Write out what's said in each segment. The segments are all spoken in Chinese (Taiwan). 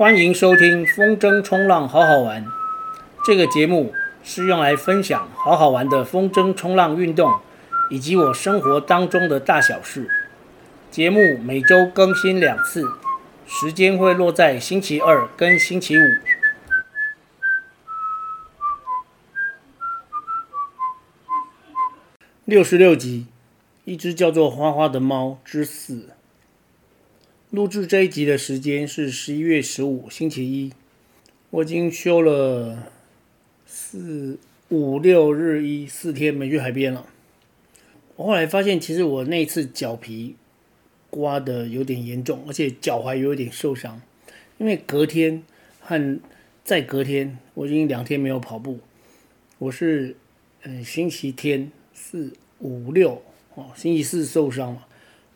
歡迎收聽風箏衝浪好好玩。這個節目是用來分享好好玩的風箏衝浪運動，以及我生活當中的大小事。節目每周更新兩次，時間會落在星期二跟星期五。六十六集，一只叫做花花的貓之四。錄製這一集的時間是十一月十五，星期一。我已經休了四五六日，一四天沒去海邊了。我後來發現，其實我那一次腳皮刮得有點嚴重，而且腳踝有點受傷。因為隔天和再隔天，我已經兩天沒有跑步。我是嗯、呃，星期天四五六哦，星期四受傷了，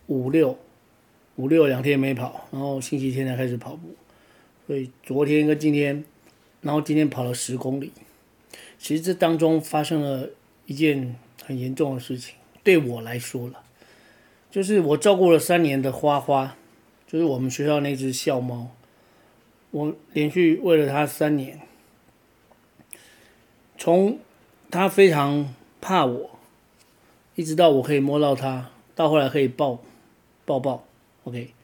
五六。五六兩天沒跑，然後星期天才開始跑步，所以昨天跟今天，然後今天跑了十公里。其實這當中發生了一件很嚴重的事情，對我來說了，就是我照顧了三年的花花，就是我們學校那隻校貓，我連續餵了它三年，從它非常怕我，一直到我可以摸到它，到後來可以抱，抱抱。OK，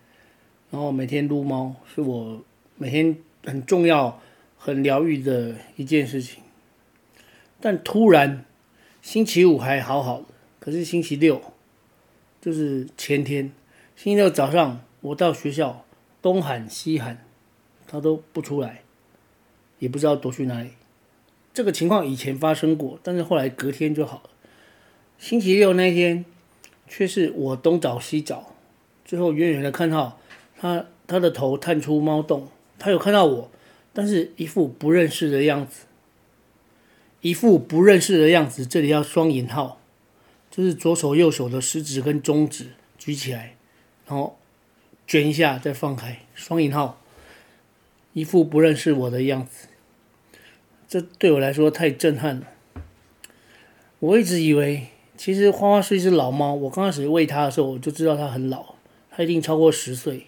然後每天擼貓是我每天很重要、很療癒的一件事情。但突然，星期五還好好的，可是星期六就是前天，星期六早上我到學校東喊西喊，他都不出來，也不知道躲去哪裡。這個情況以前發生過，但是後來隔天就好了。星期六那天卻是我東找西找。最後，遠遠的看到他，他的頭探出貓洞。他有看到我，但是一副不認識的樣子，一副不認識的樣子。這裡要雙引號，就是左手右手的食指跟中指舉起來，然後捲一下再放開。雙引號，一副不認識我的樣子。這對我來說太震撼了。我一直以為，其實花花是一隻老貓。我剛開始餵它的時候，我就知道它很老。他一定超過十歲。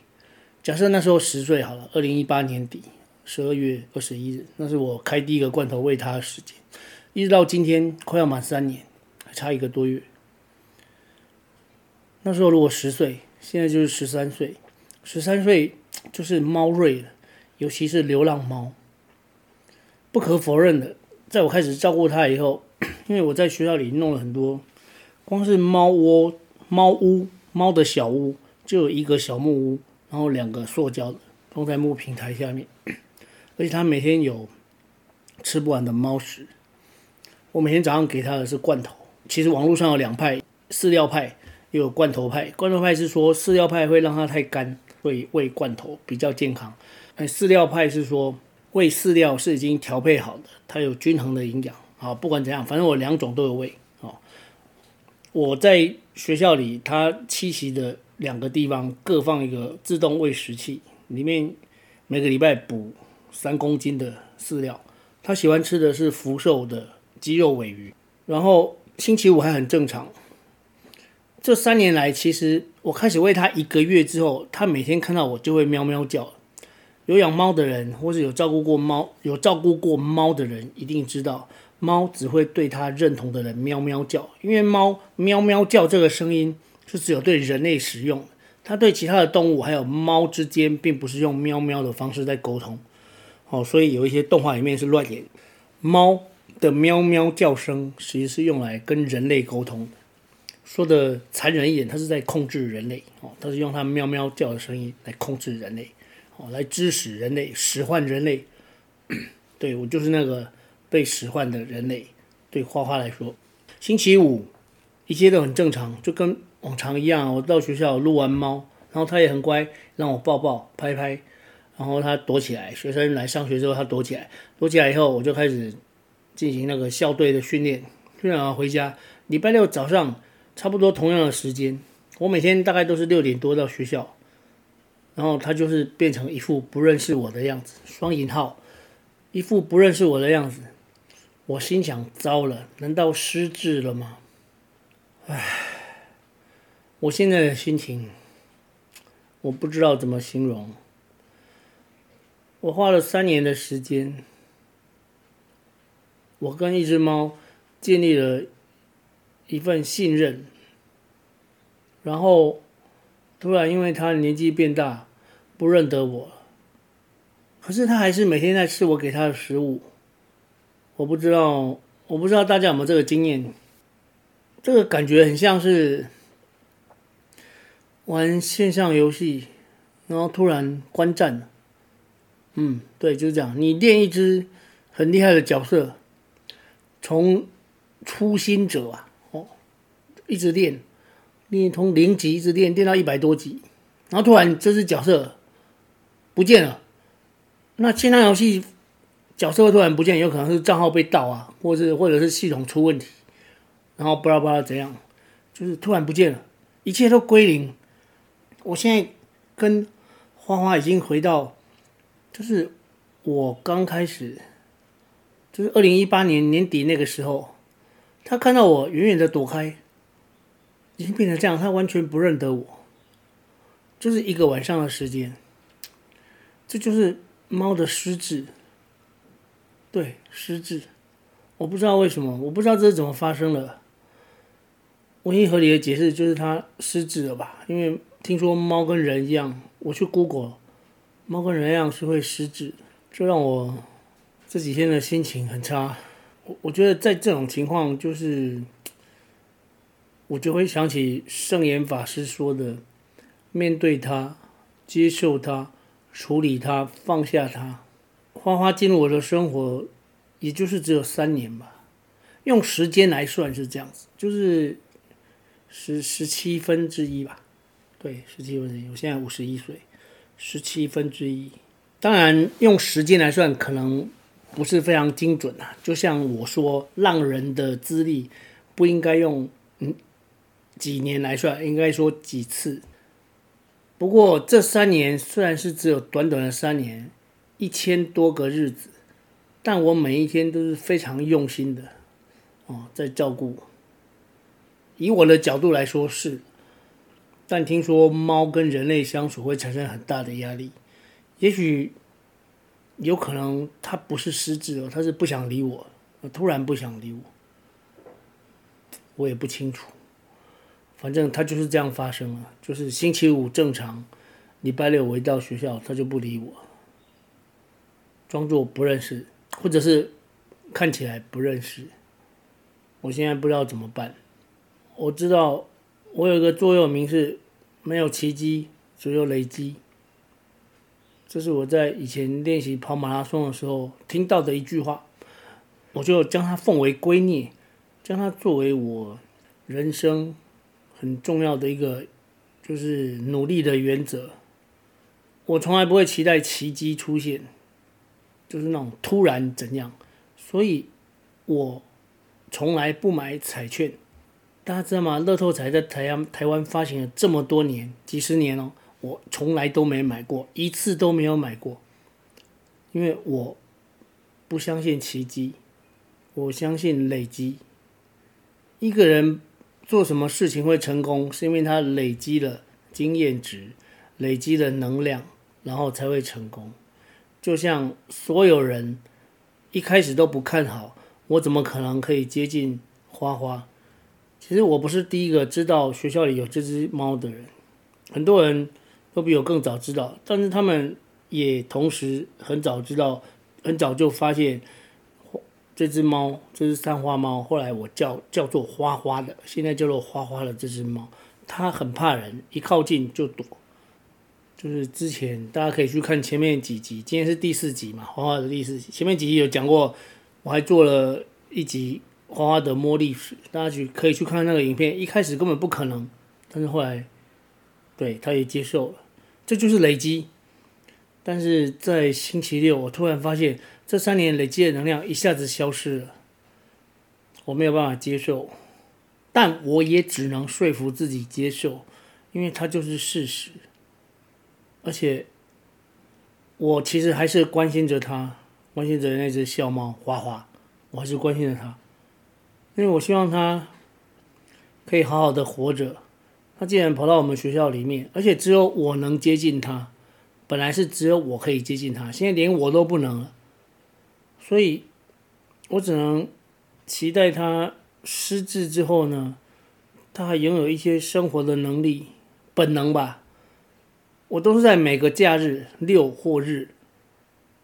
假設那時候十歲好了，二零一八年底十二月二十一日，那是我開第一個罐頭餵它的時間，一直到今天快要滿三年，還差一個多月。那時候如果十歲，現在就是十三歲，十三歲就是貓瑞了，尤其是流浪貓。不可否認的，在我開始照顧它以後，因為我在學校裡弄了很多，光是貓窩、貓屋、貓的小屋。就有一個小木屋，然後兩個塑膠的放在木平台下面，而且它每天有吃不完的貓食。我每天早上給它的是罐頭。其實網絡上有兩派：飼料派又有罐頭派。罐頭派是說飼料派會讓它太乾，所以餵罐頭比較健康。飼料派是說餵飼料是已經調配好的，它有均衡的營養啊。不管怎樣，反正我兩種都有餵。哦，我在學校裡，它棲息的，兩個地方各放一個自動餵食器，裡面每個禮拜補三公斤的飼料。他喜歡吃的是福壽的雞肉鮪魚。然後星期五還很正常。這三年來，其實我開始餵它一個月之後，他每天看到我就會喵喵叫。有養貓的人，或者有照顧過貓、有照顧過貓的人，一定知道貓只會對他認同的人喵喵叫，因為貓喵喵叫這個聲音，就只有對人類使用，它對其他的動物還有貓之間，並不是用喵喵的方式在溝通，哦，所以有一些動畫裡面是亂演。貓的喵喵叫聲，其實是用來跟人類溝通，說的殘忍一點，它是在控制人類，哦，它是用它喵喵叫的聲音來控制人類，哦，來指使人類，使喚人類。對我就是那個被使喚的人類。對花花來說，星期五一切都很正常，就跟往常一樣，我到學校擼完貓，然後他也很乖，讓我抱抱、拍拍，然後他躲起來。學生來上學之後，他躲起來，躲起來以後，我就開始進行那個校隊的訓練。就練完回家，禮拜六早上差不多同樣的時間，我每天大概都是六點多到學校，然後他就是變成一副不認識我的樣子（雙引號），一副不認識我的樣子。我心想：糟了，難道失智了嗎？唉。我現在的心情，我不知道怎麼形容。我花了三年的時間，我跟一隻貓建立了一份信任，然後突然因為它年紀變大，不認得我。可是它還是每天在吃我給它的食物。我不知道，我不知道大家有沒有這個經驗，這個感覺很像是。玩線上遊戲，然後突然關站了。嗯，對，就是這樣。你練一只很厲害的角色，從初心者啊，哦，一直練，練從零級一直練，練到一百多級，然後突然這只角色不見了。那線上遊戲角色突然不見，有可能是賬號被盜啊，或者或者是系統出問題，然後巴拉巴拉怎樣，就是突然不見了，一切都歸零。我現在跟花花已經回到，就是我剛開始，就是二零一八年年底那個時候，他看到我遠遠的躲開，已經變成這樣，他完全不認得我，就是一個晚上的時間，這就是貓的失智，對，失智，我不知道為什麼，我不知道這是怎麼發生的，唯一合理的解釋就是他失智了吧，因為。聽說貓跟人一樣，我去 Google，貓跟人一樣是會失智，這讓我這幾天的心情很差。我我覺得在這種情況，就是我就會想起聖嚴法師說的：面對它，接受它，處理它，放下它。花花進入我的生活，也就是只有三年吧，用時間來算，是這樣子，就是十十七分之一吧。對，十七分之一。我現在五十一歲，十七分之一。當然，用時間來算可能不是非常精準啊。就像我說，浪人的資歷不應該用嗯幾年來算，應該說幾次。不過這三年雖然是只有短短的三年，一千多個日子，但我每一天都是非常用心的哦，在照顧。以我的角度來說是。但聽說貓跟人類相處會產生很大的壓力，也許有可能它不是失智哦，它是不想理我，突然不想理我，我也不清楚。反正它就是這樣發生了啊，就是星期五正常，禮拜六我一到學校它就不理我，裝作不認識，或者是看起來不認識。我現在不知道怎麼辦，我知道我有一個座右銘是，沒有奇蹟，只有累積。這是我在以前練習跑馬拉松的時候聽到的一句話，我就將它奉為圭臬，將它作為我人生很重要的一個就是努力的原則。我從來不會期待奇蹟出現，就是那種突然怎樣，所以我從來不買彩券。大家知道嗎？樂透彩在台灣台灣發行了這麼多年，幾十年哦，我從來都沒買過，一次都沒有買過，因為我不相信奇蹟，我相信累積。一個人做什麼事情會成功，是因為他累積了經驗值，累積了能量，然後才會成功。就像所有人一開始都不看好，我怎麼可能可以接近花花？其實我不是第一個知道學校裡有這隻貓的人，很多人都比我更早知道，但是他們也同時很早知道，很早就發現這隻貓，這隻三花貓，後來我叫叫做花花的，現在叫做花花的這隻貓，它很怕人，一靠近就躲。就是之前大家可以去看前面幾集，今天是第四集嘛，花花的第四集，前面幾集有講過，我還做了一集。花花的茉莉，大家去可以去看看那個影片。一開始根本不可能，但是後來，對，他也接受了，這就是累積。但是在星期六，我突然發現這三年累積的能量一下子消失了，我沒有辦法接受，但我也只能說服自己接受，因為它就是事實。而且，我其實還是關心着他，關心着那只小貓花花，我還是關心着他。因為我希望他可以好好的活着。他既然跑到我們學校裡面，而且只有我能接近他，本來是只有我可以接近他，現在連我都不能了。所以，我只能期待他失智之後呢，他還擁有一些生活的能力、本能吧。我都是在每個假日六或日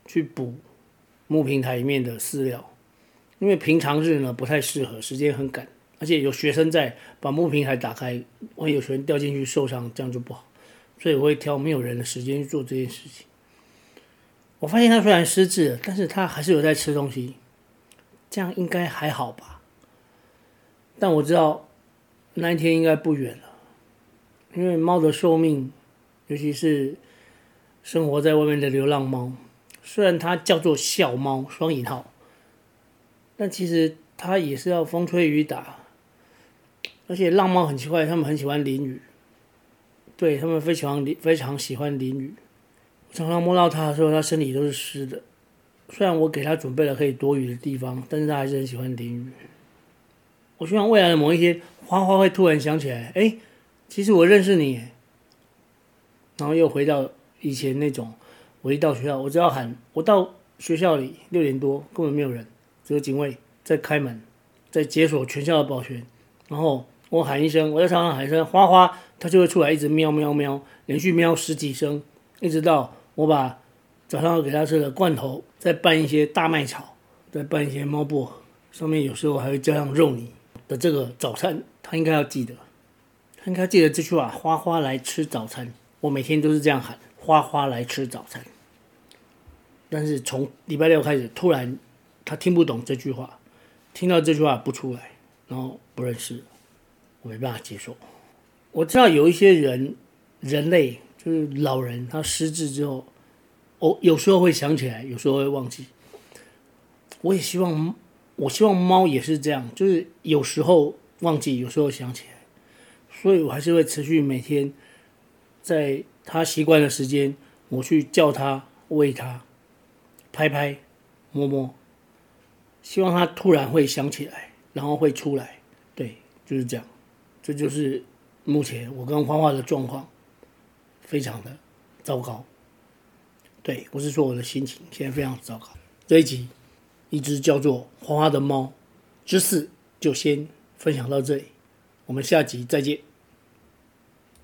去補木平台裡面的飼料。因為平常日呢，不太適合，時間很趕，而且有學生在，把木平台打開，會有學生掉進去受傷，這樣就不好，所以我會挑沒有人的時間去做這件事情。我發現它雖然失智了，但是它還是有在吃東西，這樣應該還好吧。但我知道那一天應該不遠了，因為貓的壽命，尤其是生活在外面的流浪貓，雖然它叫做校貓（雙引號）。但其實他也是要風吹雨打，而且浪貓，很奇怪，他們很喜歡淋雨，對，他們非常、非常喜歡淋雨。我常常摸到他的時候，他身體都是濕的。雖然我給他準備了可以躲雨的地方，但是他還是很喜歡淋雨。我希望未來的某一天，花花會突然想起來，哎，其實我認識你。然後又回到以前那種，我一到學校，我只要喊，我到學校裡六點多，根本沒有人。這個警衛在開門，在解鎖全校的保全，然後我喊一聲，我在床上喊一聲，花花，他就會出來，一直喵喵喵，連續喵十幾聲，一直到我把早上給它吃的罐頭，再拌一些大麥草，再拌一些貓薄荷，上面有時候還會澆上肉泥的這個早餐，他應該要記得，他應該記得這句話：花花來吃早餐。我每天都是這樣喊：花花來吃早餐。但是從禮拜六開始，突然。他聽不懂這句話，聽到這句話不出來，然後不認識，我沒辦法接受。我知道有一些人，人類就是老人，他失智之後，哦，有時候會想起來，有時候會忘記。我也希望，我希望貓也是這樣，就是有時候忘記，有時候想起來，所以我還是會持續每天在它習慣的時間，我去叫它，餵它，拍拍，摸摸。希望它突然會想起來，然後會出來。對，就是這樣。這就是目前我跟花花的狀況，非常的糟糕。對，我是說我的心情現在非常糟糕。這一集，一隻叫做花花的貓之四，就先分享到這裡，我們下集再見。